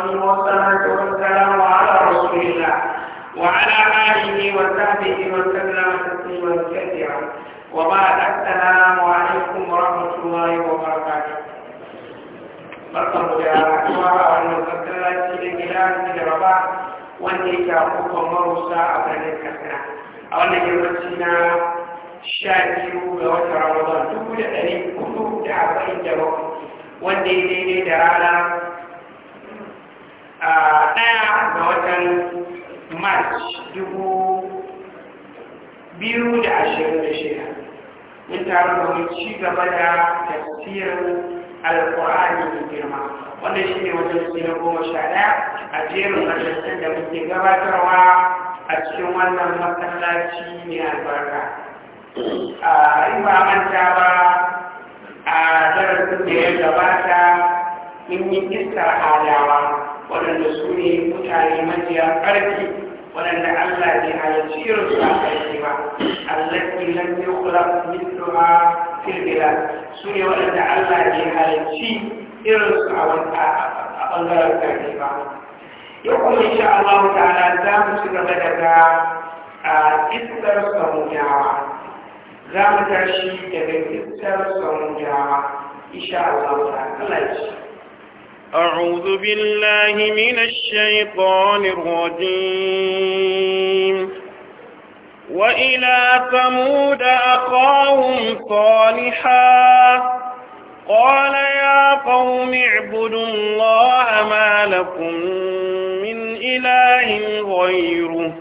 والصلاة والسلام على رسول الله وعلى آله وصحبه وسلم تسليما كثيرا وبعد السلام عليكم ورحمة الله وبركاته barkanmu da rayuwa a wannan masallaci da gida da raba wanda ya shafi kan marusa a birnin katsina a wannan yammaci na sha biyu ga watan ramadan dubu da ɗari hudu da arba'in da bakwai wanda ya daidai da rana ɗaya ga watan march dubu biyu da ashirin da shida mun taru domin ci gaba da tafsirin alkur'ani da girma wanda shi ne wajen su na goma sha ɗaya a jerin majalisar da muke gabatarwa a cikin wannan masallaci mai albarka in ba manta ba a darasin da ya gabata mun yi iskar adawa waɗanda su ne mutane mafiya ƙarfi waɗanda Allah bai halarci irin su a ƙarfi ba allati lam yukhlaq mithluha fil bilad su ne waɗanda Allah bai halarci irin su a ɓangaren ƙarfi ba yau kuma insha Allah ta'ala za mu ci gaba daga iskar samuyawa za mu tashi daga iskar samuyawa insha Allah ta'ala Allah ya أعوذ بالله من الشيطان الرجيم وإلى ثمود أخاهم صالحا قال يا قوم اعبدوا الله ما لكم من إله غيره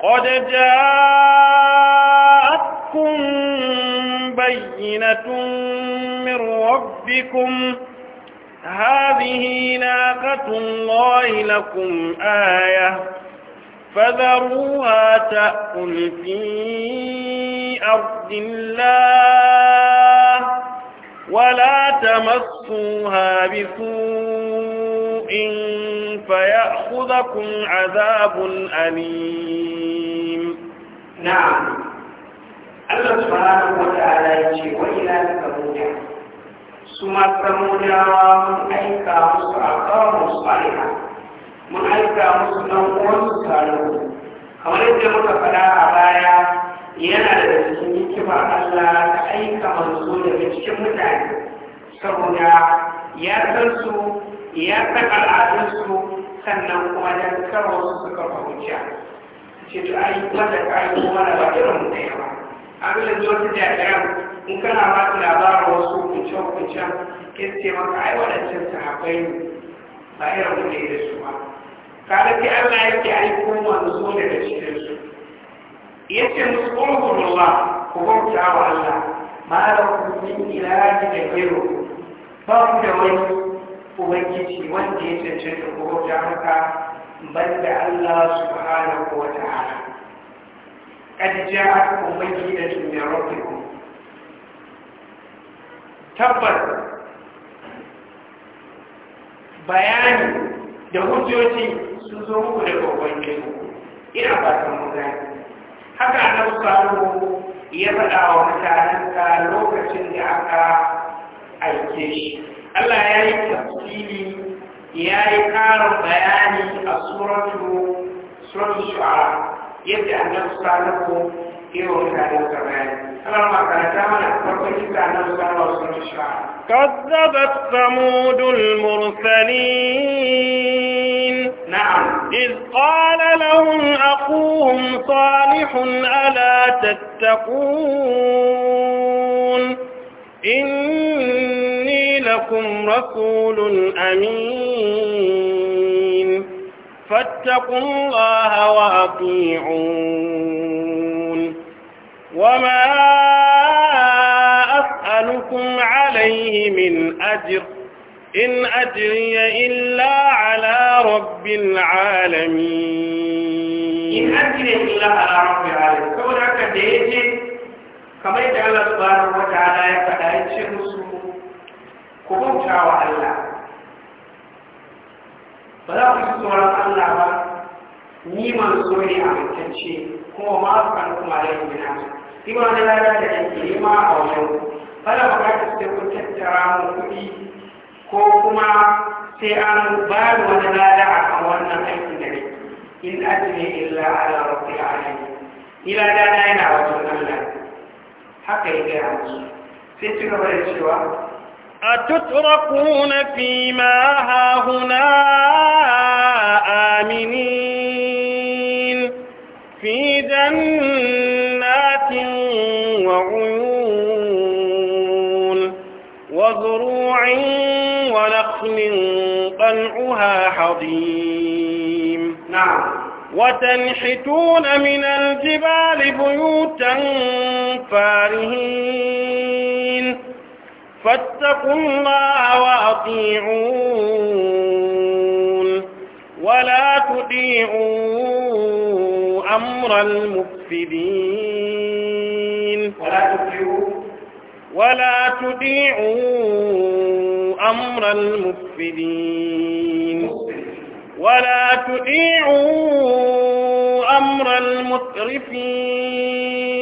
قد جاءتكم بينة من ربكم هذه ناقة الله لكم آية فذروها تأكل في أرض الله ولا تمسوها بسوء فيأخذكم عذاب أليم نعم الله سبحانه وتعالى يجي وإلى ثمود Suma ma samudawa mun aika musu a kawo saliha mun aika musu ɗan uwansu salihu kamar yadda muka faɗa a baya yana da cikin hikima Allah ta aika manzo daga cikin mutane saboda ya san su ya san al'adunsu sannan kuma dan kawo su suka fahimci ce to ai mata kuma da ba irin mu ba abin da zuwa ta jajiran in kana ba su labarin wasu kunce-kuncen ke ce maka ai waɗancan sahabbai ne ba irin mu da su ba kada sai Allah yake aiko manzo daga cikin su Ya ce musu qulullah ku bauta wa Allah ma da ku min ilahi da gero ba ku da wani ubangiji wanda ya cancanta ku bauta haka banda Allah subhanahu wa ta'ala قد جاءتكم بينة من ربكم Tabbas, bayani da hujjoji sun zo muku da ubangiji ina ta mu gani haka na samu ya faɗa wa lokacin da aka aike shi Allah ya yi tafsiri ya yi ƙarin bayani a suratu suratu shu'ara yadda annabi sallallahu alaihi wa sallam ya كذبت ثمود المرسلين نعم إذ قال لهم أخوهم صالح ألا تتقون إني لكم رسول أمين فاتقوا الله وأطيعون وما أسألكم عليه من أجر إن أجري إلا على رب العالمين إن أجري إلا على رب العالمين كما كديت كما يدعى الله سبحانه وتعالى الشيخ شيء كبوتا الله ba za ku ji tsoron Allah ba ni manzo ne a mutacce kuma ma kan kuma da yin gina ni ma na lada da yake ni ma a wajen bala ba ka ce kun tattara mu kuɗi ko kuma sai an ba da wani lada a kan wannan aikin da ne in ajiye illa ala rabbil alamin ila da yana wajen Allah haka yake a sai ci gaba da cewa أتتركون فيما هاهنا آمنين في جنات وعيون وزروع ونخل طلعها حضيم نعم وتنحتون من الجبال بيوتا فارهين فاتقوا الله وأطيعون ولا تطيعوا أمر المفسدين ولا تطيعوا أمر المفسدين ولا تطيعوا أمر المسرفين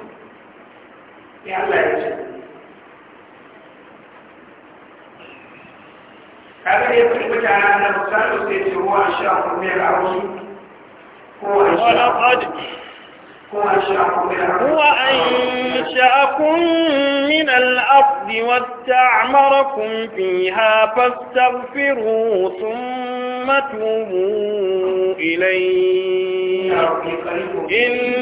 في الله يجب هذا يثبت على أن الثالث هو أشراف من العرش هو ولقد هو أنشأكم من الأرض واستعمركم فيها فاستغفروا ثم توبوا إليه إن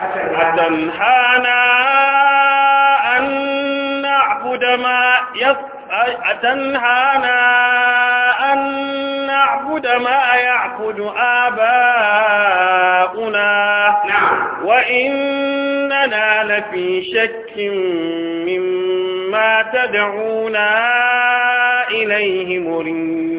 أتنهانا أن نعبد ما يف... أتنهانا أن نعبد ما يعبد آباؤنا نعم. وإننا لفي شك مما تدعونا إليه مريد.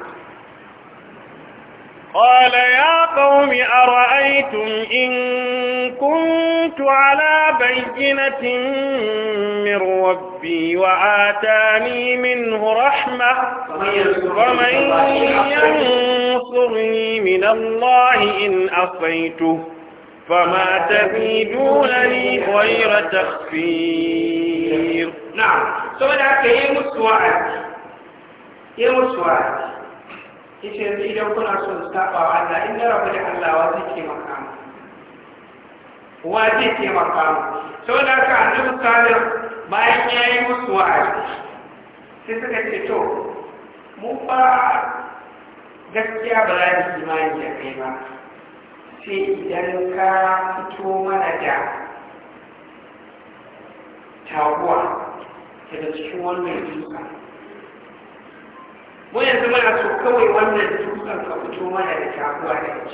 قال يا قوم أرأيتم إن كنت على بينة من ربي وآتاني منه رحمة فمن ينصرني من الله إن أصيته فما تفيدونني غير تخفير نعم سؤالك يا مسوعد يا مسوعد ita yanzu idan kuna son su taɓa wa Allah in na rabu da Allah wa zai taimaka mu wa zai taimaka mu saboda haka annabi bayan ya yi musu wa'azi sai suka ce to mu fa gaskiya ba za mu imani da kai ba sai idan ka fito mana da taguwa daga cikin wannan duka mu yanzu muna so kawai wannan dutsen ka fito mana da shafuwa da yake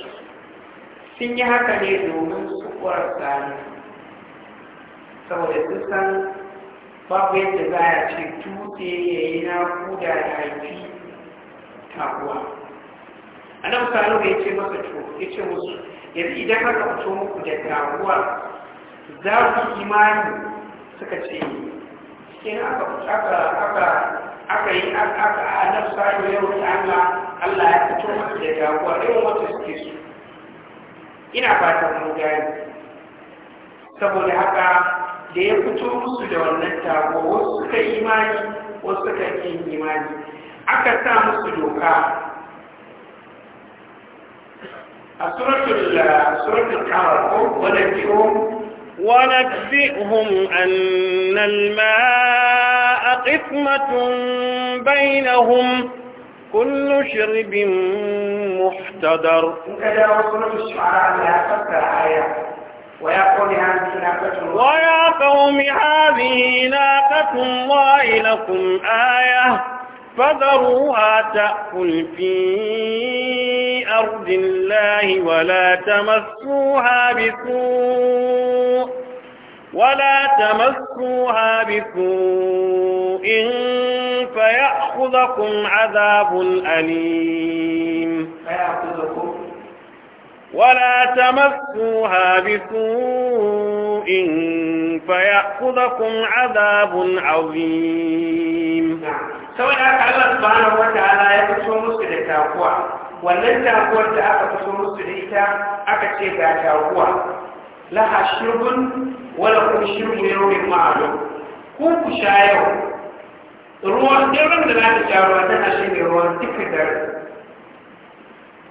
sun yi haka ne domin su kwarsa ne saboda sun babu yadda za a ce dutse ya yi kuda da haifi takuwa a nan ya ce masa to ya ce musu yanzu idan aka fito muku da takuwa za ku imani suka ce in aka aka yi aka nafsa sai ya roki Allah Allah ya fito masu da jagowa irin wata suke su ina fatan mun gani saboda haka da ya fito musu da wannan tago wasu suka imani wasu suka yin imani aka sa musu doka a suratul suratul kawar ko wadda biyu ونبئهم أن الماء قسمة بينهم كل شرب محتدر ويا قوم هذه ناقة الله لكم آية فذروها تأكل في أرض الله ولا تمسوها بسوء ولا تمسوها بسوء فيأخذكم عذاب أليم ولا تمسوها بسوء فيأخذكم عذاب عظيم نعم. saboda haka Allah subhanahu ta'ala ya fito musu da takuwa wannan takuwar da aka fito musu da ita aka ce ga takuwa la hashrubun wala kun shirbu yawmin ma'lum ku ku sha yau ruwan irin da za ta sha ruwa tana shi ne ruwan duka dare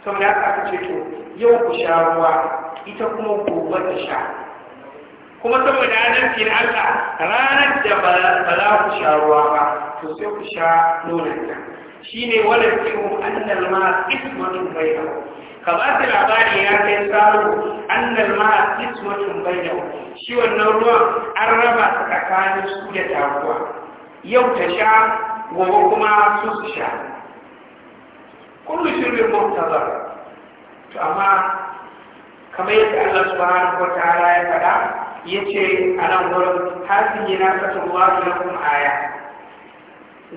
saboda haka aka ce to yau ku sha ruwa ita kuma gobe ta sha kuma saboda adalci na Allah ranar da ba za ku sha ruwa ba to sai ku sha nonon ta shine wala tihu annal ma ismatun bayna ka ba ta labari ya kai tsaro annal ma ismatun bayna shi wannan ruwan an raba tsakanin su da takuwa yau ta sha gobe kuma su su sha kullu shirin muhtazar to amma kamar yadda Allah subhanahu wa ta'ala ya faɗa yace anan gurin hasiyi na satullahu lakum aya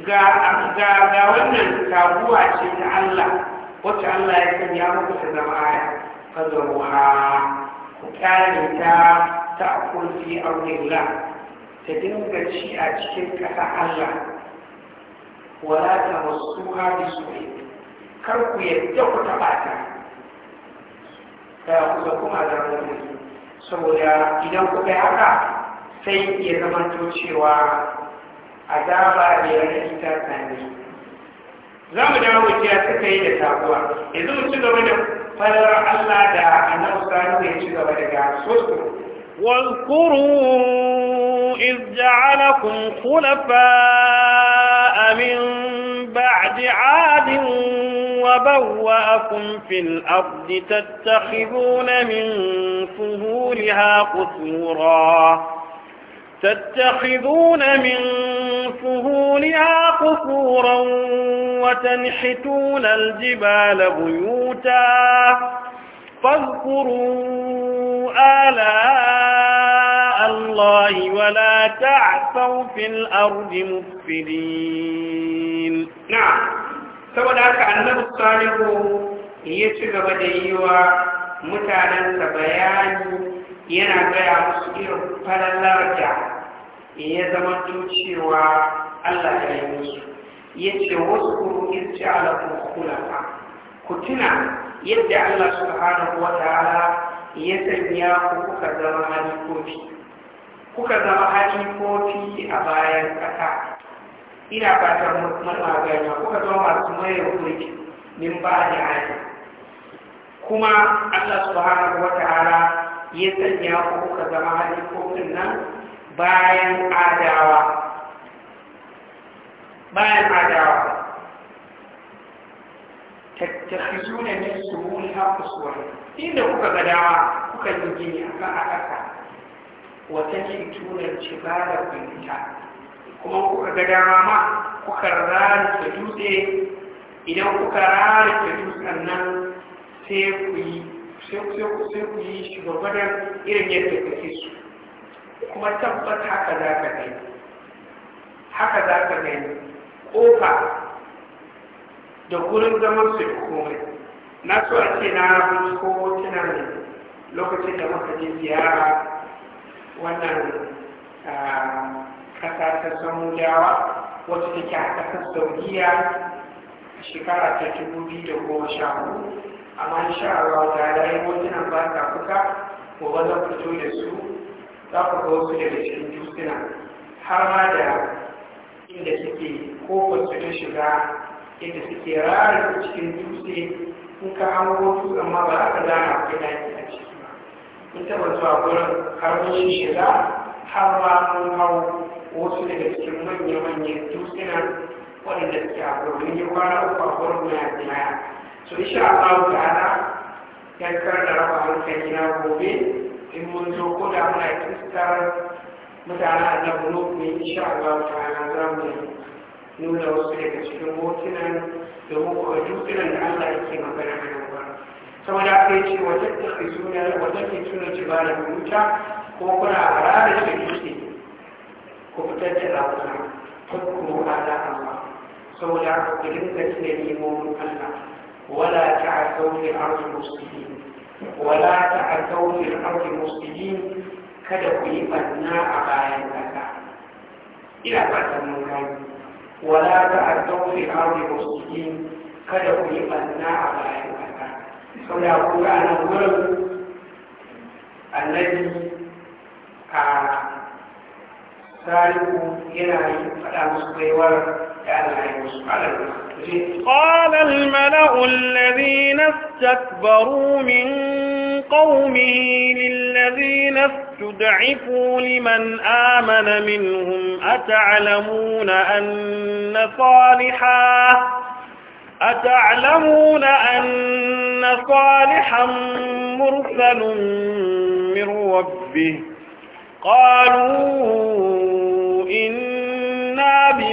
ga ga ga wannan taguwa ce ta Allah wacce Allah ya ya muku ta zama aya fadaruha ku kare ta ta kulli aurilla ta dinga ci a cikin kasa Allah wala ta masuha bi su'i kar ku yadda ku taɓa ta ta kuma da mutum saboda idan kuka yi haka sai ya zama to cewa azaba da yana ta sani za mu dawo wajiya suka yi da taguwa yanzu mu ci gaba da farar Allah da annabi sanu ya ci gaba daga sosu واذكروا إذ جعلكم خلفاء من بعد عاد وبوأكم في الأرض تتخذون من فهولها قصورا تتخذون من فهولها قصورا وتنحتون الجبال بيوتا فاذكروا آلاء الله ولا تعثوا في الأرض مفسدين نعم saboda haka annabi salihu ya ci gaba da yi wa mutanensa bayani yana gaya musu irin falon da ya zama cewa Allah ya yi musu ya ce wasu kuru irci ala kulafa ku tuna yadda Allah subhanahu wa ta'ala ya sanya ku kuka zama halifofi kuka zama a bayan ƙasa ina fatan manoma gani kuka zama masu maye kurki min ba da hali kuma Allah subhanahu wata'ala ya sanya ku kuka zama ko nan bayan adawa bayan adawa su min suhulha uswa inda kuka ga dama kuka yi gini akan a ƙasa wata ce turanci ba da kwanita kuma kuka ga dama ma kuka rarrake dutse idan kuka rarrake dutsen nan sai ku yi sai ku yi shi irin yadda kake su kuma tabbata haka za ka gani haka za ka gani Kofa, da gurin zaman su da komai na so a ce na binciko ko ne lokacin da muka je ziyara wannan ah, kasa ta Wasu wacce take a kasar saudiya a shekara ta dubu biyu da goma sha amma insha Allah ta rayu hotunan ba ta kusa gobe zan fito da su za ku ga wasu daga cikin dutsuna har ma da inda suke kofar su ta shiga inda suke rara cikin dutse in ka hango su amma ba za ka gana akwai yi a ciki ba In taɓa zuwa gurin har shiga har ma mun hau wasu daga cikin manya-manyan tusina waɗanda suke a gurbin yi kwana uku a gurbin ya jinaya so a Allah ta'ala yankar da raba hankali gina gobe in mun zo ko da muna kistar mutane a nan ne insha Allah ta'ala za mu nuna wasu daga cikin hotunan domin kuwa dutsunan da Allah yake magana a nan ba saboda aka yi ce wajen da ke suna wajen ke suna jibala wuta ko kuna a ranar da dutse ku fitar da rabuna tukku ala amma saboda ku dinga tuna nemomin Allah wala ta'asau li ardi muslimin wala ta a li ardi muslimin kada ku yi banna a bayan kasa ina fatan mun gani wala a li ardi muslimin kada ku yi banna a bayan kasa saboda ku ga nan wurin annabi a قال الملأ الذين استكبروا من قومه للذين استدعفوا لمن آمن منهم أتعلمون أن صالحا أتعلمون أن صالحا مرسل من ربه قالوا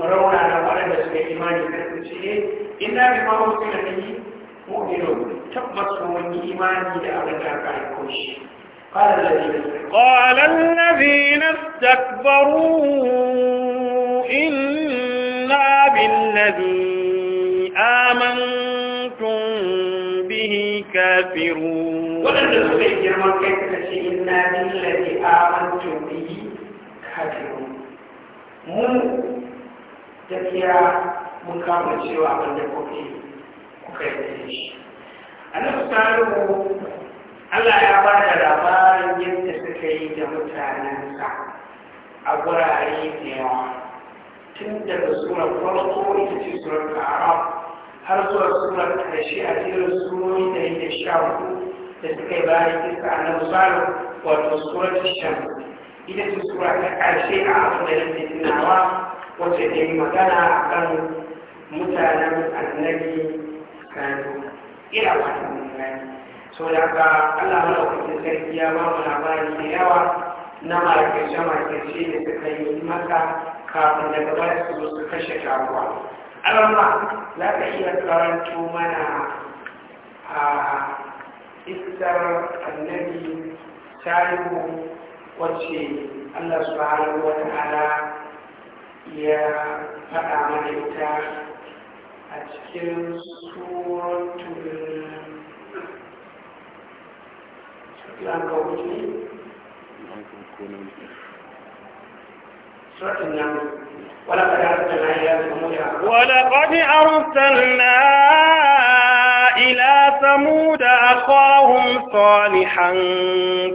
ورون على طلبة الإيمان في المسلمين إلا بما أرسل به مؤمنون تقمصوا من إيماني لأرجع بعد كل قال الذين قال الذين استكبروا إنا بالذي آمنتم به كافرون ولن نسبح جرما إنا بالذي آمنتم به كافرون gaskiya mun kama cewa abin da kuke kuka yi shi a nan salihu Allah ya ba da labarin yadda suka yi da mutanensa a wurare da yawa tun daga surar farko ita ce surar arab har zuwa surar ƙarshe a jerin surori da yake sha hudu da suka yi bayan kisa a nan salihu wato surar shan ita ce sura ta ƙarshe a abin da yake tunawa wacce ta yi magana a kan mutanen annabi kanu ina wata mun so da ka Allah wata sarki ya ba mu labari da yawa na marakace marakace da suka yi maka kafin daga baya su su kashe taruwa alama za ka iya karanto mana a isar annabi ko wacce Allah subhanahu wa ta'ala ya faɗa mana ita a cikin suratul lankawuce suratul nan ولقد أرسلنا ثمود أخاهم صالحا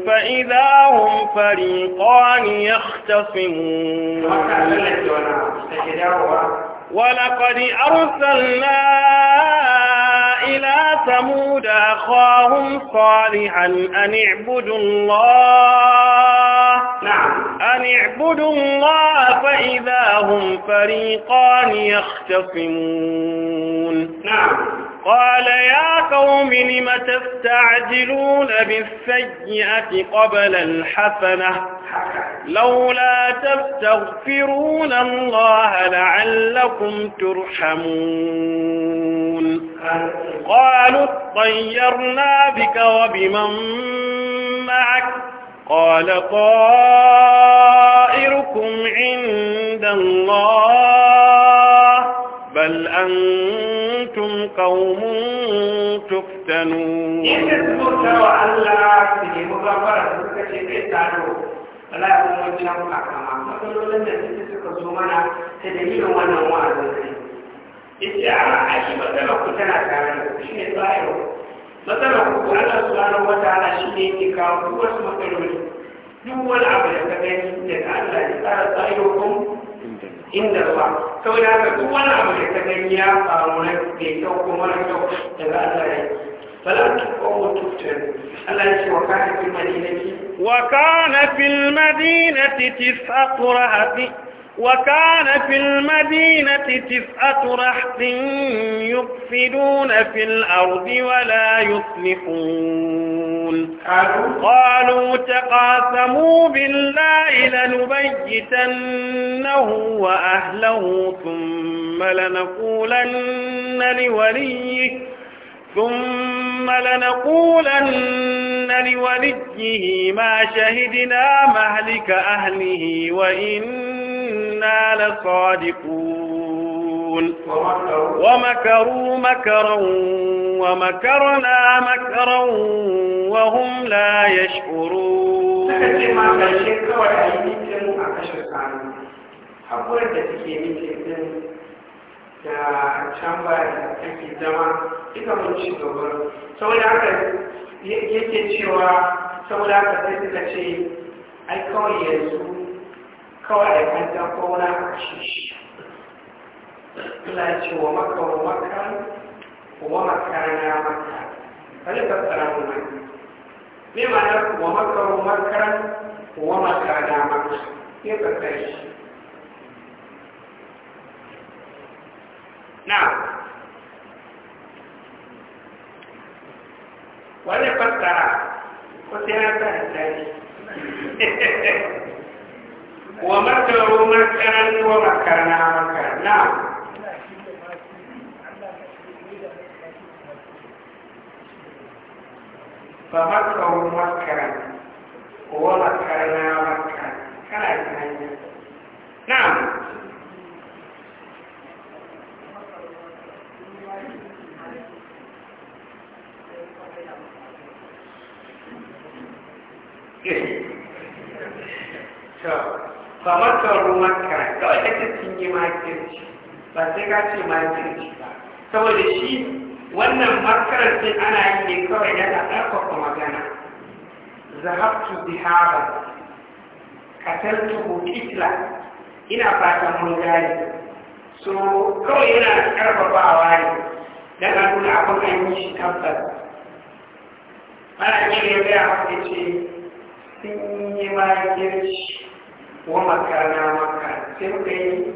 فإذا هم فريقان يختصمون ولقد أرسلنا إلى ثمود أخاهم صالحا أن اعبدوا الله نعم. أن اعبدوا الله فإذا هم فريقان يختصمون نعم قال يا قوم لم تستعجلون بالسيئة قبل الحسنة لولا تستغفرون الله لعلكم ترحمون قالوا اطيرنا بك وبمن معك قال طائركم عند الله بل أنتم أنتم قوم تفتنون wala ya kuma wajen abu a kama matsalolin da suke suka zo mana ta dalilin wannan wa'azin kai ita a shi matsalar ku tana tare da ku shine tsayarwa matsalar ku Allah subhanahu wa ta'ala shine yake kawo duk wasu matsaloli duk wani abu da ka gani da Allah ya tsara tsayarwa inda ruwa saboda haka duk wani abu da ta gani ya faru na mai kyau ko mara kyau daga Allah ya yi فلم تقوم تفتن ألا وكان في المدينة وكان في المدينة تسعة رهط وكان في المدينة تسعة رحب يفسدون في الأرض ولا يصلحون قالوا تقاسموا بالله لنبيتنه وأهله ثم لنقولن لوليه ثم لنقولن لوليه ما شهدنا مهلك أهله وإن إنا لصادقون ومكروا مكرا ومكرنا مكرا وهم لا يشعرون hakurar da take nike din da can ba da ake zama ita mun ci gaba saboda haka yake cewa saboda haka sai suka ce ai kawai yanzu kawai a kanta ko wani a kashe shi Allah ce wa maka wa maka wa maka na maka bari ka mu mai me ma'anar wa maka wa maka wa maka na maka ne ka kai shi فمكرهم مسكرا zahabtu bihara qataltuhu qitla ina fatan mun gane so kawai yana karfafawa ne dan a nuna abin an yi shi tabbas ana iya ya gaya maka ce sun yi makirci wa makana maka sai muka yi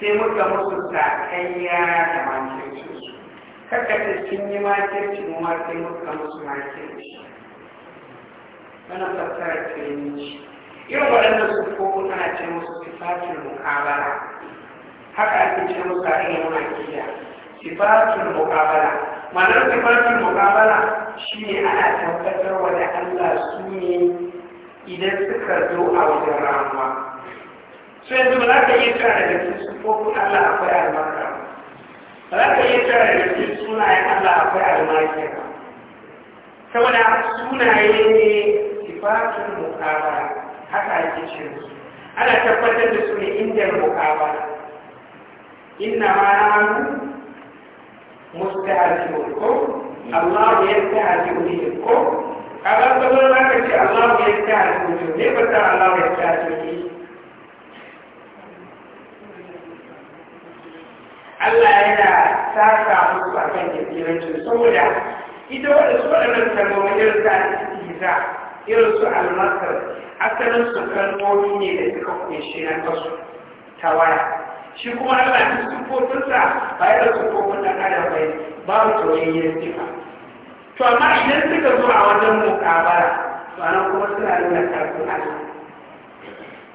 sai muka musu sakayya da makirci kaka ce kin yi makirci mu sai muka musu makirci wannan fassara ce ni irin waɗannan sufofin ana ce musu sifatul muqabala haka ake ce musu a ilimin akida sifatul muqabala ma'anar sifatul muqabala shine ana tabbatar wa da Allah su ne idan suka zo a wajen ramuwa so yanzu ba za ka iya cewa daga cikin sufofin Allah akwai albarka ba za ka iya tara da cikin sunayen Allah akwai almaki ba saboda sunaye ne sifatun mukabara haka ake ce ana tabbatar da su ne inda mukabara inna ma na hannu nanu mustahzi'un ko Allah ya tahzi'u ne ko kaga saboda za ka ce Allah ya tahzi'u ne ba ta Allah ya tahzi'u ne Allah yana saka musu a kan kirkirancin saboda ita waɗansu waɗannan kalmomin irin ta iza irin su almasar asalin su kalmomi ne da suka kunshi na kasu waya. shi kuma Allah duk sufofinsa ba yana sufofin da kada bai babu tauyayyar sifa to amma idan suka zo a wajen mukabara to anan kuma suna nuna karfin Allah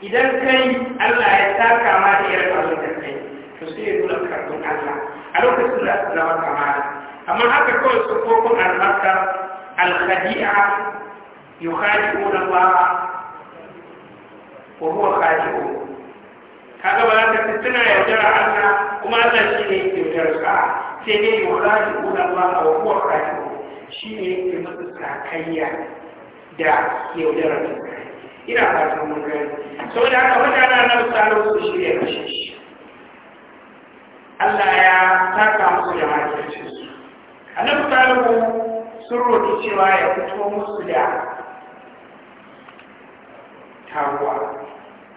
idan kai Allah ya saka ma da irin abin da kai to sai ya nuna karfin Allah a lokacin da su zama kamala amma haka kawai su sufofin albarka alkhadi'a yukhadi'una Allah wa huwa khadi'u Ka ba za ka tuna yaudara Allah kuma Allah shi ne yaudar sa sai ne yukhadi'una Allah wa huwa khadi'u shi ne yake masa sakayya da yaudara ina fatan mun gani saboda haka mutane nan tsaro su shirya kashe shi Allah ya taka musu da makircin su fita salihu sun roƙi cewa ya fito musu da taruwa.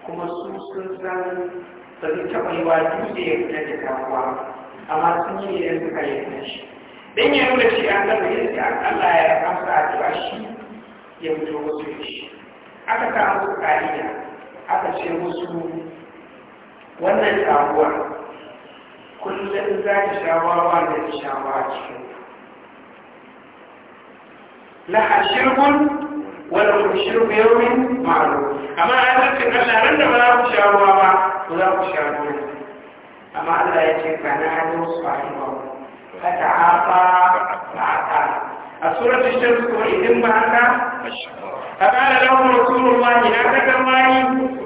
kuma su sun san ba zai taɓa yi wa dutse ya fita da taruwa, amma sun yi yin suka yi shi Dan ya nuna shi an yin yadda Allah ya amsa addu'a shi ya fito musu da shi aka kawo musu ƙa'ida aka ce musu wannan taruwa. kullum za ta sha wawa da ta sha wawa cikin laha shirgun wala kun shirgu yawmin ma'aru amma a yankin Allah ran da ba za ku sha wawa ba ku za ku sha wawa amma Allah ya ce kana hannun su a yi wawa hata hafa ba ta a suratul shams ko idin ba haka فقال لهم رسول الله لا تكرماني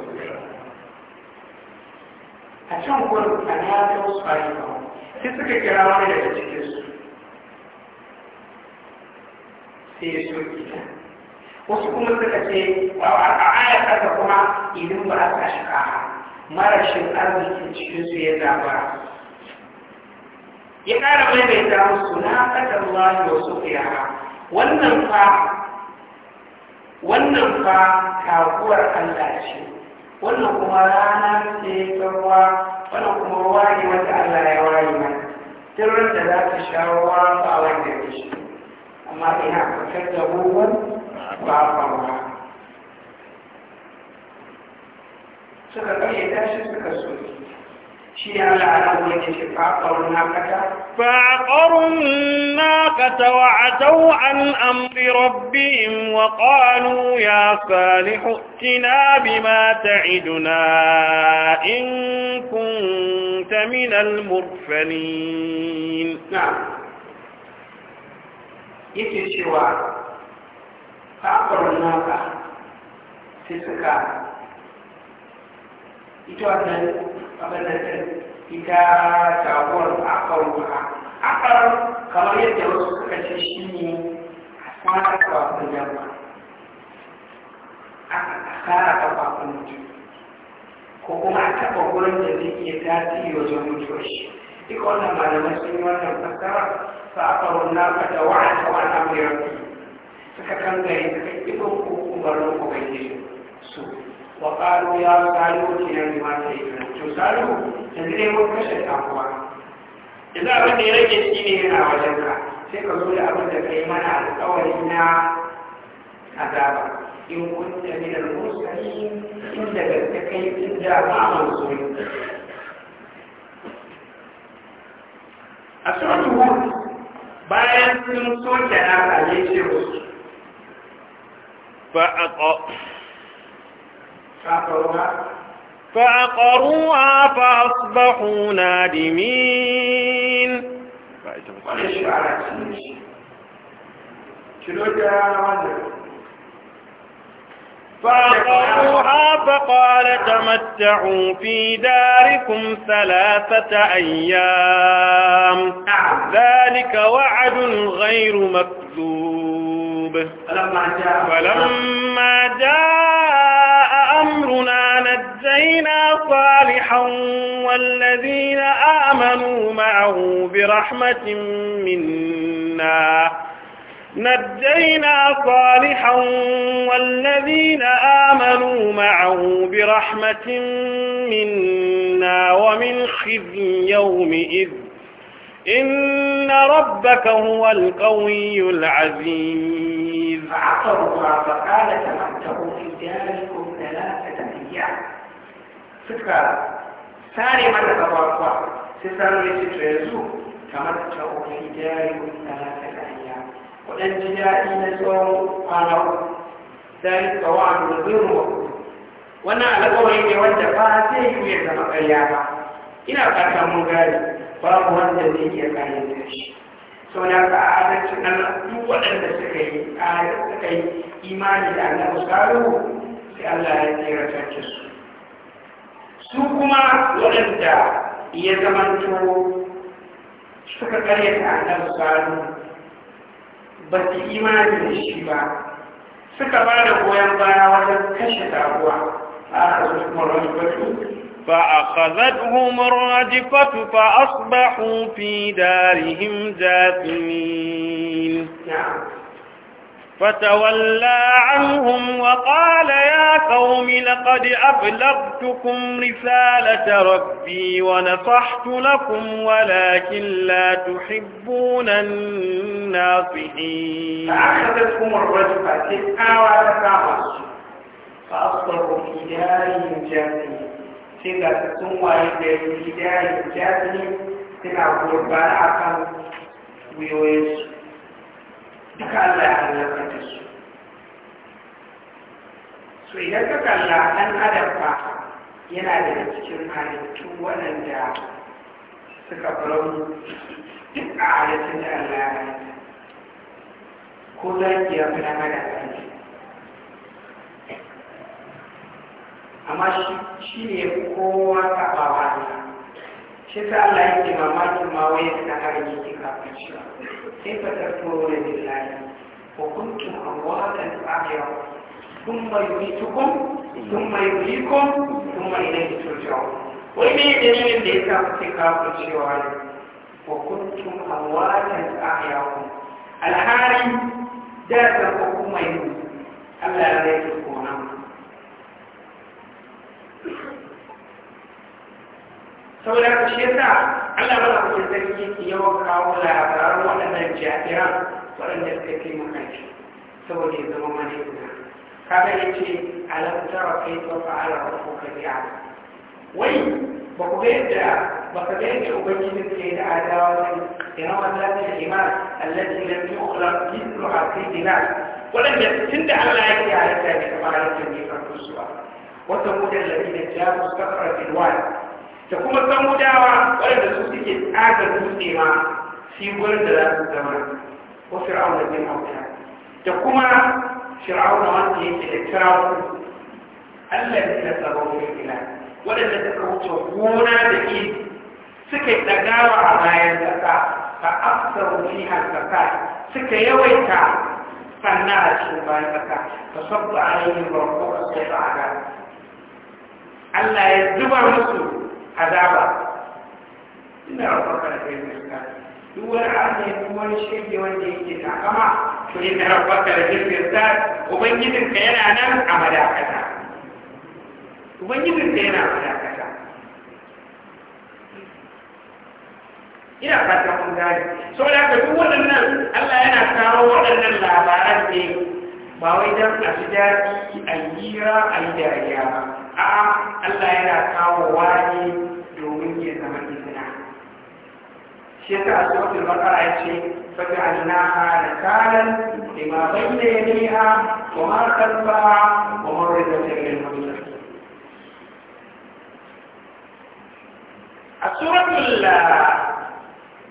a can gurin a na ta wasu fari ba sai suka kira wani daga cikinsu sai ya so gida wasu kuma suka ce a ayar kasa kuma idan ba a sa shi kaha marashin arzikin cikinsu ya zabara ya ƙara mai mai ta musu na ƙasar lahi wasu kira wannan fa wannan fa taguwar Allah ce wannan kuma rana ce ta ruwa wannan kuma ruwa ne wata Allah ya waye mana sirrin da za ta sha ruwa ba wanda ya shi amma ina fitar da ruwan ba ba ba suka kai tashi suka soke فعقروا الناقة وعتوا عن أمر ربهم وقالوا يا صالح ائتنا بما تعدنا إن كنت من المرسلين نعم yake cewa kafar الناقة في suka ita abin ita jagorar akawar wuka akar kamar yadda wasu suka ce shi ne a tsara kafafun yamma a tsara kafafun mutum ko kuma a taɓa wurin da zai iya tasiri wajen mutuwar shi duk wannan malamai sun yi wannan fassara fa akarun na fata wa a tawa na mai rafi suka kan gari suka ƙi ko umarnin ubangiji su وقالوا يا صالح اتنا بما شهدنا to salihu yanzu ne mun kashe kafuwa yanzu abin da ya rage shi ne yana wajen ka sai ka zo da abin da kai mana alƙawari na azaba in kunta min kai a sauran hud bayan sun soke na ba a فعقروها فأصبحوا نادمين فعقروها فقال تمتعوا في داركم ثلاثة أيام نعم. ذلك وعد غير مكذوب فلما جاء أمرنا نجينا صالحا والذين آمنوا معه برحمة منا نجينا صالحا والذين آمنوا معه برحمة منا ومن خزي يومئذ إن ربك هو القوي العزيز فعقروا فقالت تمتعوا في ذلك ya suka tsare mata kuwa sai saro ya ce to yanzu kamar ta ofi jari na ta iya waɗan ya daɗi na tsawon kwana uku dari kawo a dubin wannan alƙawari ne wanda ba zai yi ya zama ƙarya ba ina fata mun gari babu wanda zai iya kayan da shi sau na ka adalcin Allah duk waɗanda suka yi imani da Allah su sai Allah ya tsirata su su kuma waɗanda ya zamanto suka karyata annabi salu ba su imani da shi ba suka ba da goyon baya wajen kashe taguwa a ba a khazadhum rajifatu fa asbahu fi darihim jazimin na'am فتولى عنهم وقال يا قوم لقد أبلغتكم رسالة ربي ونصحت لكم ولكن لا تحبون الناصحين فأخذتكم الرجفة تسعة وتسعة فأصبروا في دار جاثم ثم سنوى في دار جاثم سنة قربان عقل ويوش duka Allah ya halakar da su so idan ka kalla ɗan adam fa yana daga cikin halittu waɗanda suka faru duk a halittun da Allah ya halitta ko za ki yafi ɗan adam ne amma shi ne kowa saɓawa ne shi ta Allah yake mamakin ma wai da ɗan adam yake kafin shi كيف تكفرون بالله وكنتم أمواتا فأحيا ثم يميتكم ثم يحييكم ثم إليه ترجعون وإني دليل ليس ارتكاب الشوال وكنتم أمواتا الحالي الحارم دار الحكومة الله لا يتركونا saboda haka shi yasa Allah ba ku sarki yake yawan kawo labaran waɗannan jami'a waɗanda suka kai makanci saboda ya zama mana yana kaga yace alam tara kaifa fa'ala rabbuka bi'ad wai ba ku ga yadda ba ka ga yadda ubangiji ke da adawa ne ina wannan da iman allati lam yukhlaq mithluha fi dinar waɗanda tunda Allah yake halitta ne kamar halittar ne farko suwa wata mudan ladina jabu sakra bil wadi da kuma samudawa wadanda su suke tsaga dutse ma shi gwar da za su zama ko fir'aun da bin hauta da kuma fir'aun da wanda yake da tirawu Allah ya tsaba wurin ila waɗanda suka wuce gona da ke suka yi ɗagawa a bayan ƙasa a afsaru fi hankaka suka yawaita sannan a cikin bayan ƙasa ta sabba a yin ko a sai Allah ya zuba musu azaba ina rabbanka da kai fuska duk wani abu ne kuma wani shege wanda yake kama to ina rabbanka da kai ubangijin ka yana nan a madakata ka yana a madakata ina fata mun so da ka duk waɗannan Allah yana kawo waɗannan labaran ne ba wai dan a ji daɗi a yi a yi dariya ba a Allah yana kawo wani domin ya zama izina shi ta suratul baqara yace faj'alnaha nakalan lima ne ha ko ma khalfaha wa mawridatan lil muttaqin a suratul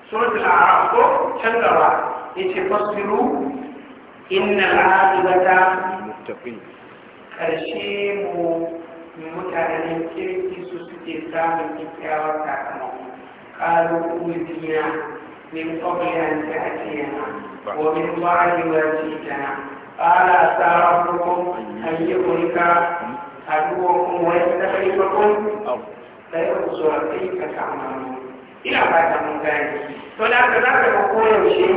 suratul a'raf ko canzawa ce fasiru innal aqibata muttaqin ƙarshe mu mutanen kirki su suke samun kyakkyawar sakamako kalu uzina min qabli an ta'tiyana wa min ba'di ma ji'tana qala astaghfirukum an yughrika aduwakum wa yastakhlifakum fa yusu alayka ta'malu ina fata mun gani to da haka zaka ga koyaushe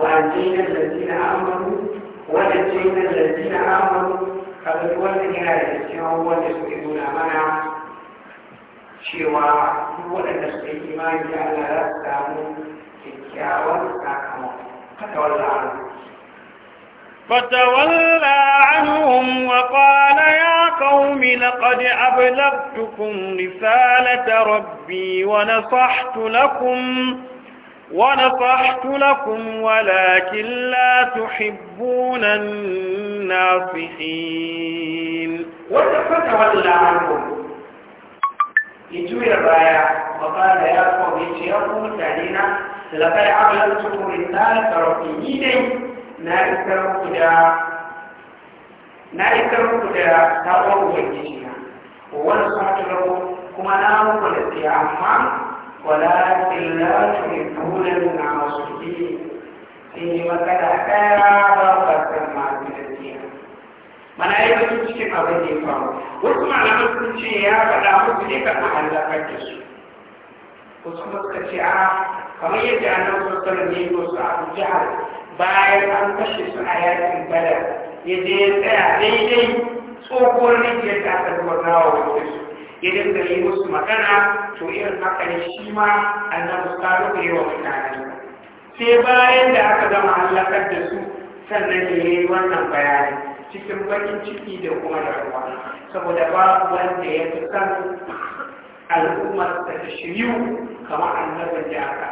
wa ajina allazina amanu wa ajina allazina amanu هذا هو فتولى عنهم وقال يا قوم لقد أبلغتكم رسالة ربي ونصحت لكم ونصحت لكم ولكن لا تحبون الناصحين وتفتول عنكم يجوي الرايا وقال يا قوم يا قوم تعلينا لقد عملتكم رسالة ربي نائكم كدا نائكم كدا تقوى وجهنا ونصحت لكم كما نعلم ولسي أمام ولكن لا تحبون المعاصرين sai magana ɗaya ba fasar masu gaskiya mana ya zama cikin abin da ya faru wasu ya faɗa musu ne kan halakar da su wasu kuma suka ce a kamar yadda annabi sallallahu alaihi wasallam ya yi a Abu bayan kashe su a yakin ya tsaya daidai tsohuwar rijiyar ta aka zuba nawa wanda Idan da yi musu magana to irin haka ne shi ma annabi salihu da wa mutane sai bayan da aka gama halakar da su sannan da yi wannan bayani cikin bakin ciki da kuma da ruwa saboda babu wanda ya fi san al'ummar da ta shiryu kamar annabin da aka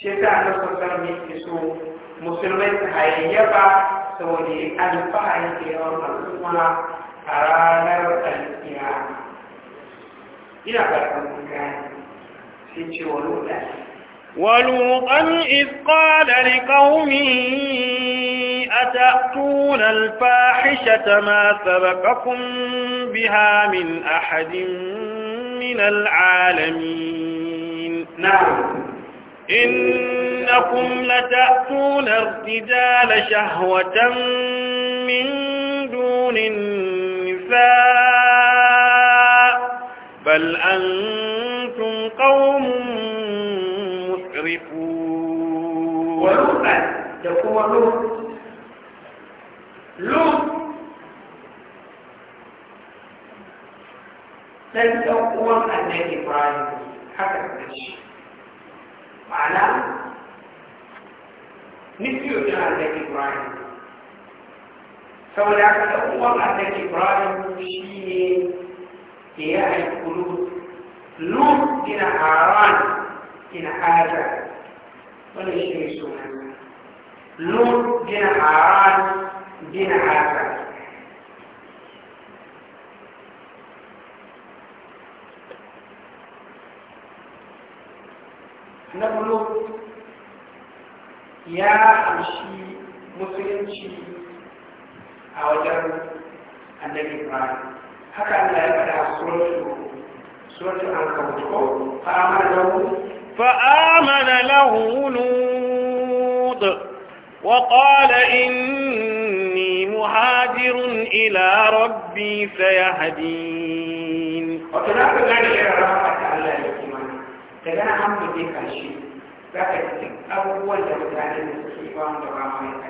shi ta annabin sallallahu alaihi musulmai ta hayayyafa saboda alfahari da yawan al'umma a ranar alkiyama ina fatan kun gane ولوطا إذ قال لقومه أتأتون الفاحشة ما سبقكم بها من أحد من العالمين نعم إنكم لتأتون الرجال شهوة من دون الناس بل أنتم قوم مسرفون ولوطا تقوم لوط لوط لن تقوم النبي إبراهيم حتى تمشي معناه نسيوا النبي إبراهيم فهناك الأول عند كبران المشركين في أهل القلوب نور إن عاران إن هذا ونشري سبحان نور إن عاران إن هذا نقول يا أمشي مسلم شيء a wajen annabi Ibrahim haka Allah ya faɗa suratu suratu al-kabut ko fa amana lahu fa amana lahu nud wa qala inni muhajirun ila rabbi sayahdin wato na ka gane irin rahama ta Allah ya kuma daga nan an mutu kashi za ka ji abubuwan da mutane da suke ba mu da ba mu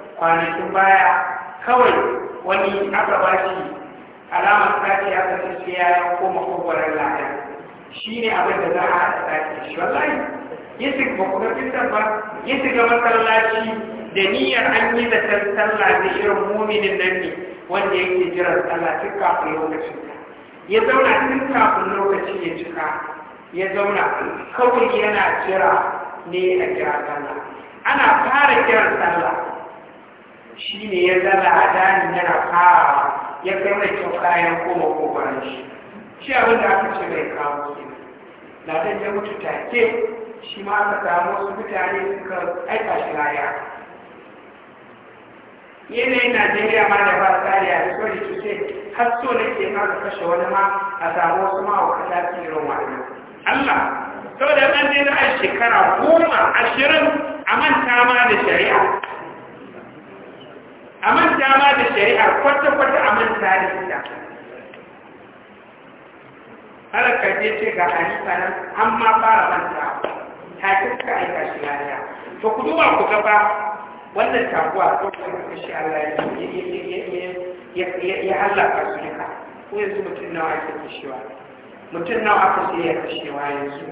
kwanakin baya kawai wani aka ba shi alamar sati aka ta sai ya koma kogoron lada shi ne abin da za a haɗa sati shi wallahi ya ba kuma fitar ba ya ga masallaci da niyyar an yi da sallah da irin muminin nan ne wanda yake jiran sallah tun kafin lokacin ya zauna tun kafin lokacin ya cika ya zauna kawai yana jira ne a jira sallah ana fara kiran sallah shi ne ya zama a dani yana fara ya kai mai kyau kayan koma ko bayan shi shi abin da aka ce mai kawo ke na zan ya mutu take shi ma aka samu wasu mutane suka aika shi laya yanayin najeriya ma da ba tsari a da wani sosai har so na ke ma kashe wani ma a samu wasu ma wa kasa su allah saboda an dai na shekara goma ashirin a manta ma da shari'a a manta ma da shari'ar kwata-kwata a manta da ita halakar je ce ga halitta nan an ma fara manta ta kuka aika shi lariya to ku duba ku gaba wannan taguwa ko kuma shi Allah ya halaka su duka ko yanzu mutum nawa ake kashewa mutum nawa aka sai ya kashewa yanzu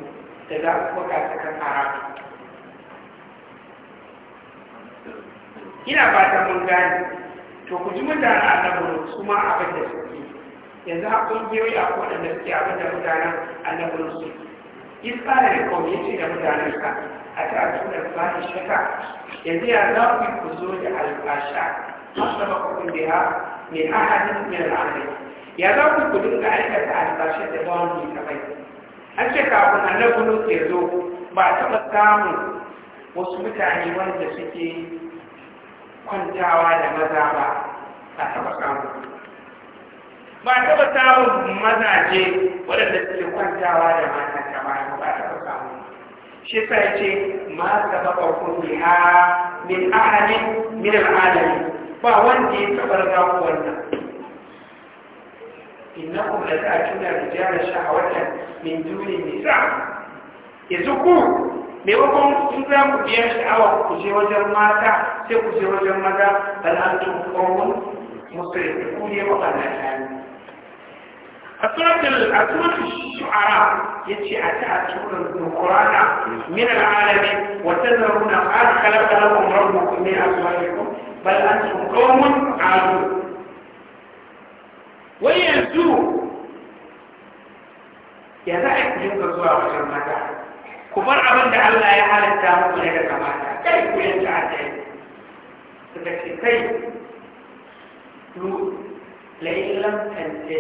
da za a kuma kasa kan ina fatan mun gane to ku ji mutane a nabaru kuma a abin da suke yanzu a ƙungiyoyi a da suke abin da mutanen a nabaru su isfara da kome yace da mutanen ka a ta tunar ba shi shaka yanzu ya za ku ku zo da albasha masu ba ku kun biya mai ahadin mai ra'ayi ya za ku ku dinga aikata albasha da ba wani kamar an ce kafin annabulu ke zo ba taɓa samun wasu mutane wanda suke kwantawa da maza ba a taba samu ba a taɓa samun mazaje waɗanda suke kwantawa da mata ta ba a taba samu shi sa ce ma saba ƙwarkun ha min ahali min al'adari ba wanda ya taɓa raga ku wannan ta la da rijala shahawatan min duni nisa yanzu ku maimakon in za ku biya sha'awa ku je wajen mata sai ku je wajen maza bal an tun kowun musulmi ku ne waɗannan hannu a suratul a suratul shu'ara yace a ta suratul qur'ana min al-alamin wa tazaruna ma khalaqa lakum rabbukum min azwajikum bal antum qawmun 'adun wai yanzu ya za a yi dinga zuwa wajen mata ku bar abin da Allah ya halitta muku ne da kamata kai ku yin su da ke kai lu la'in kance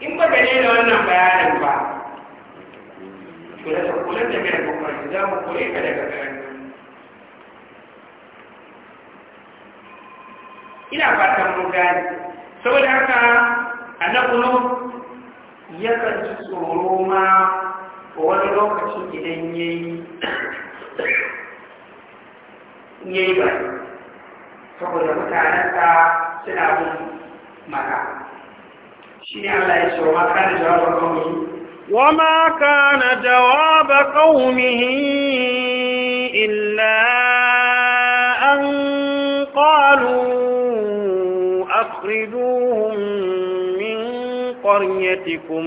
in ba gane da wannan bayanin ba Kula da kula da mai kokari za mu kore ka daga garin ina fatan mun gane saboda haka annabi ya kan tsoro ma wani lokaci idan ya yi bari, saboda mutanensa suna bin maka shi ne Allah ya ce wa maka da jawabar kawai وما كان جواب قومه إلا أن قالوا أخرجوهم من قريتكم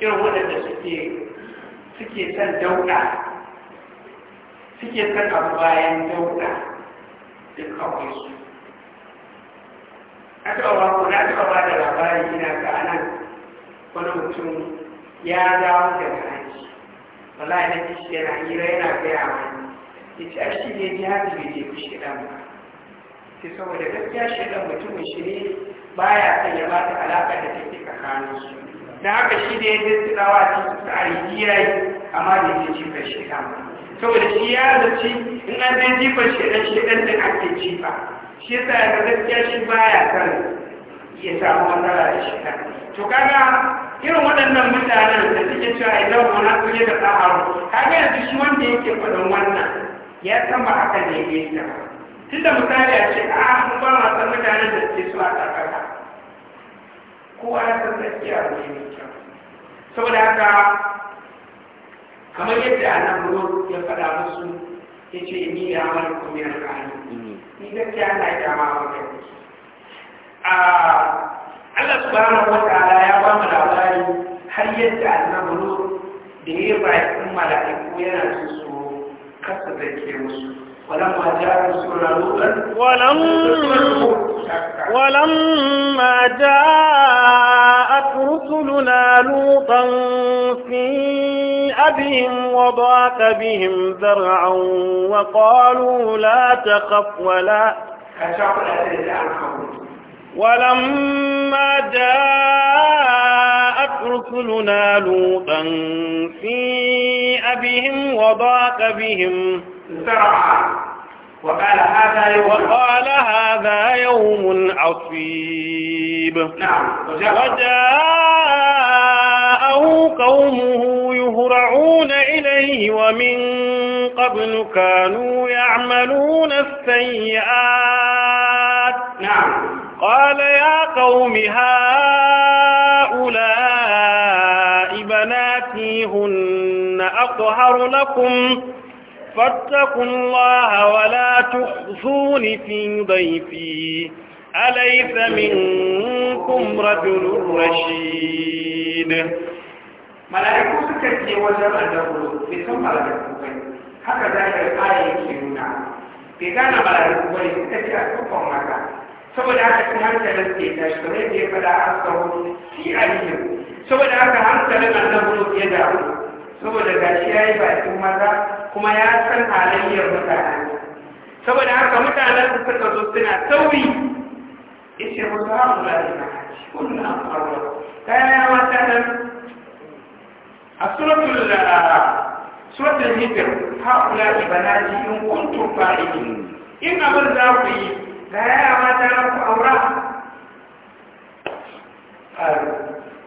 irin waɗanda suke suke son dauka suke son abu bayan dauka da kawai su a taɓa ko na taɓa ba da labarin gina ga anan wani mutum ya dawo daga wala ya nake shi yana hira yana gaya wani ya ci ashi ne ji haji bai je kushe ɗan ba sai saboda gaskiya shi ɗan mutumin shi ne baya son ya ba ta alaƙa da take tsakanin su da haka shi da ya gaskata wa cikin tsari iyaye amma da ya shi shaidan saboda shi ya zaci in an zai jifa shaidan shaidan da ake jifa shi yasa ya gaskiya shi baya san ya samu matsala da shaidan to kaga irin waɗannan mutanen da suke cewa idan wani abu ya da tsaharo kaga yanzu shi wanda yake faɗin wannan ya san ba haka ne ya yi ta tunda misali a ce a ah, ba masu mutanen da suke so a tsakaka kowa ya san gaskiya abu ne kyau saboda haka kamar yadda annabi ruwan ya faɗa musu ya ce ni da amal kuma ya ƙani ni gaskiya na yi dama a wajen Allah subhanahu wa ta'ala ya ba mu labari har yadda annabi ruwan da ya yi bakin mala'iku yana su so kasa ke musu ولما ولما جاءت رسلنا لوطا في أبهم وضاق بهم ذرعا وقالوا لا تخف ولا ولما جاءت رسلنا لوطا في أبهم وضاق بهم وقال هذا يوم وقال هذا يوم عصيب نعم وجاءه قومه يهرعون إليه ومن قبل كانوا يعملون السيئات نعم قال يا قوم هؤلاء بناتي هن أطهر لكم فاتقوا الله ولا تخزون في ضيفي أليس منكم رجل رشيد ملائكو سكتي وجب الدبر بسم ملائكو هكذا الآية يمكننا بيغانا ملائكو بني سكتي أسفهم مكا saboda haka sai hankalin ke tashi kamar yadda ya faɗa a tsawon fi aliyu saboda haka hankalin annabi ya damu saboda gashi ya yi bakin maza kuma ya san halayyar mutane saboda haka mutanen su suka zo suna sauri ishe musu hamu da ina haji kullum an faruwa kaya wata nan a suratul suratul hijr haula ibanaji in kuntum fa'ilin in abin za ku yi kaya wata ku aura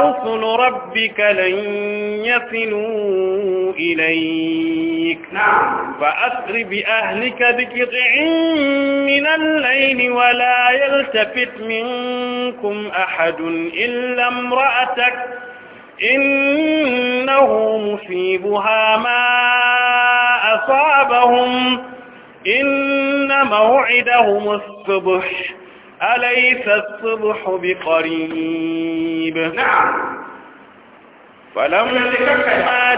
رسل ربك لن يصلوا إليك نعم فأسر بأهلك بقطع من الليل ولا يلتفت منكم أحد إلا امرأتك إنه مصيبها ما أصابهم إن موعدهم الصبح أليس الصبح بقريب نعم فلما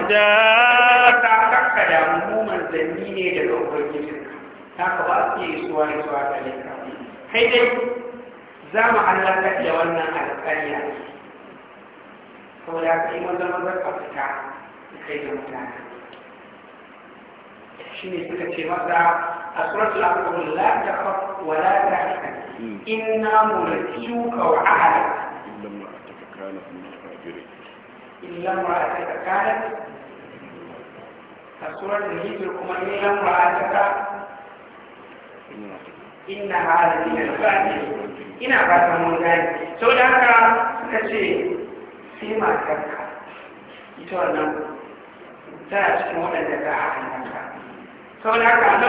جاء ولكن يجب ان يكون هناك اشياء اخرى لانهم يجب ان يكون هناك اشياء اخرى لانهم يجب ان يكون هناك اشياء اخرى لانهم يجب ان يكون هناك اشياء اخرى لانهم يجب ان يكون هناك إنا مرجوك وعهدك إلا امرأتك ina mun gani sau da haka suka ce sai matarka ita wannan tana cikin waɗanda za a hannunka sau da haka na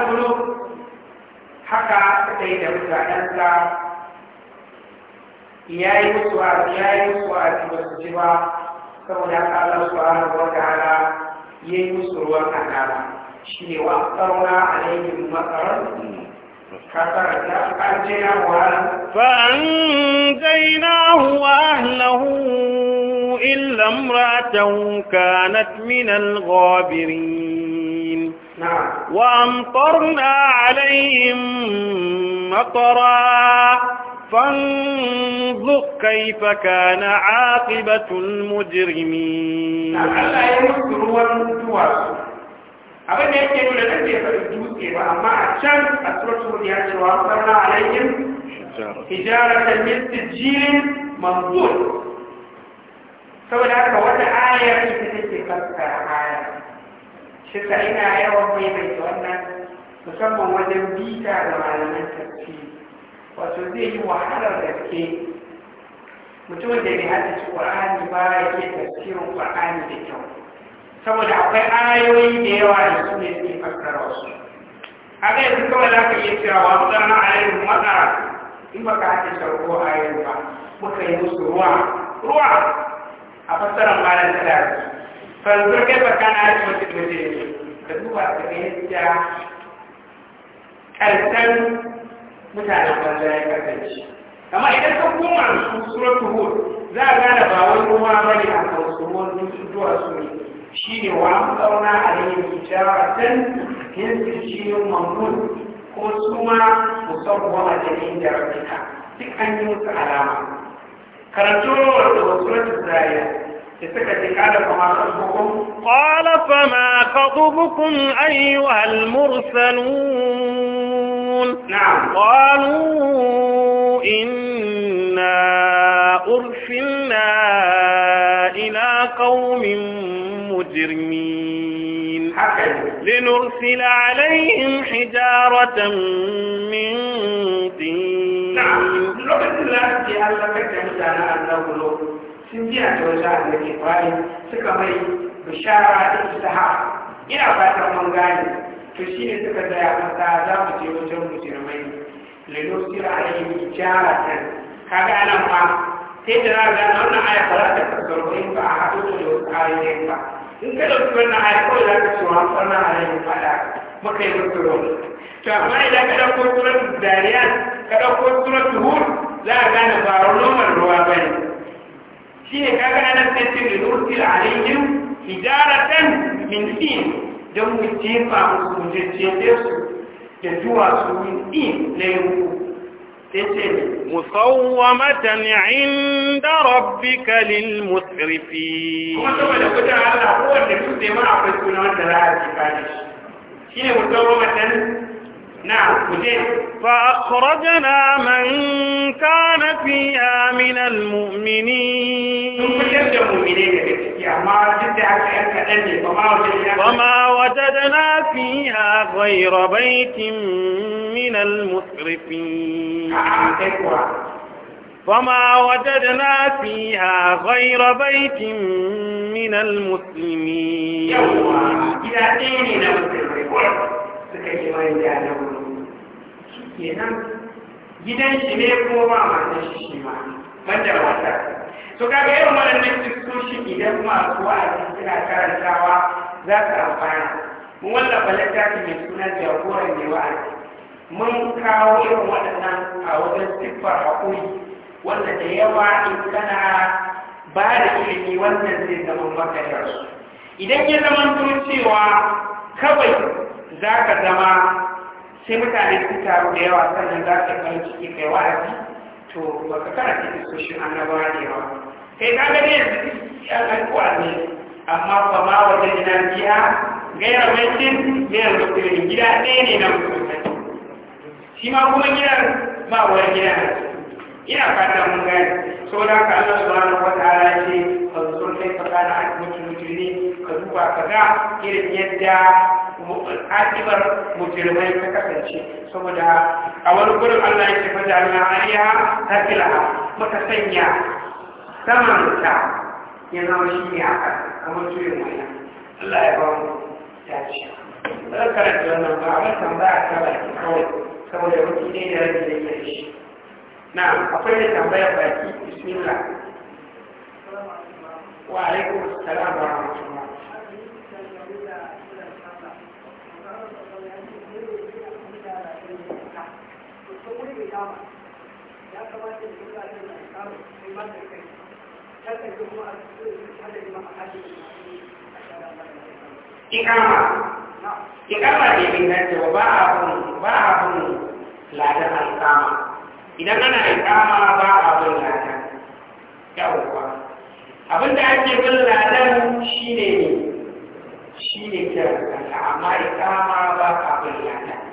haka suka yi da mutanensa ya yi musu a ya yi musu a ci ba su ci ba saboda haka Allah subhanahu wa ta'ala ya yi musu ruwan azaba shine wa asarna alaihim masaran فأنجيناه وأهله إلا امرأته كانت من الغابرين وأمطرنا عليهم مطرا فانظر كيف كان عاقبة المجرمين الله يمكر ومتوى أبن يكيب لنبي فالجوث وأما أشان أسرته لهذا وأمطرنا عليهم حجارة من سجيل منظور سوى لك وتعالى يمكن shi ka ina yawan maimaita wannan musamman wajen bita da malaman tafsiri wato zai yi wahalar gaske mutumin da bai haddace ƙur'ani ba ya ke tafsirin ƙur'ani da kyau saboda akwai ayoyi da yawa da su ne suke fassara wasu haka yanzu kawai za ka iya cewa wa mutane a yin matsara in ba ka haddace ruwa ayoyi ba muka yi musu ruwa ruwa a fassarar malam tarihi فانظر كيف duba عاجبة المدينة فهو تبيتع كالسن wanda ya kasance. amma idan ka koma su suratu hud za a gane ba wani ruwa bane ne a kawasuwan nusu zuwa su ne shi ne wa an tsauna a yin hijara tan yin sirjiyin mamun ko su ma musamman a jami'in da rafika duk an yi musu alama Karatu wa zariya قال فما خطبكم أيها المرسلون نعم. قالوا إنا أرسلنا إلى قوم مجرمين لنرسل عليهم حجارة من طين نعم. sun ji a tawar jihar da ke bayan suka mai bishara da isaha ina fatan mun gane to shi ne suka tsaya masa za mu je wajen musulmai lilosir alayhi jaratan kaga anan ma sai da na gane wannan aya ba za ta kasarwayin ba a haɗu da wasu ayoyin ba in ka ɗauki wannan aya kawai za ka ce wa wannan alayhi faɗa muka yi musu rauni to amma idan ka ɗauko suratul zariyat ka ɗauko suratul hud za a gane ba rauni shi ne kaga ana sai da nurtil alaihim hijaratan min tin don mu jefa musu mu jejjefe su da duwatsu min tin na yanku مسومة عند ربك للمسرفين شنو مسومة نعم مجيب فأخرجنا من كان فيها من المؤمنين وما وجدنا فيها غير بيت من المسرفين آه، آه، فما وجدنا فيها غير بيت من المسلمين kenan gidan shi ne ko ba matan shi shi ma banda mata to kaga irin waɗannan kiskoshin idan masu wa'azi suna karantawa za su amfana mun wallafa littafi mai suna jagoran ne wa'azi mun kawo irin waɗannan a wajen siffar haƙuri wanda da yawa in kana ba da ilimi wannan zai zama maka idan ya zama cewa kawai za ka zama sai mutane sun taru da yawa sannan za su ɗan ciki kai wa'azi to ba ka kana cikin soshin gaba da yawa kai ka ga ne alƙuwa ne amma ba ma wajen yana biya gaya mai cin gaya musulmi gida ɗaya ne na musulmi shi ma kuma gidan ba wani gina na ina fata mun gani so da ka Allah subhanahu wa ta'ala ce ka zo kai ka kana mutum ne ka duba ka ga irin yadda akibar mujirmai ta kasance saboda a wani gurin Allah ya tafi da Allah ariya ta filaha muka sanya samanta ya zama shi ne a kamar juyin wani Allah ya ba mu dace zan karanta wannan ba a tambaya ta baki kawai saboda mutum ne da rabi da ke shi na akwai da tambayar baki bismillah wa alaikum salam wa rahmatullah mai ya kamata da kuma da na samu sai ma da kai kuma a cikin a da ikama ikama ne bin ba abun ba abun ladan alkama idan ana ikama ba abun ladan yawwa abin da ake bin ladan shine ne shine kira amma ikama ba bin ladan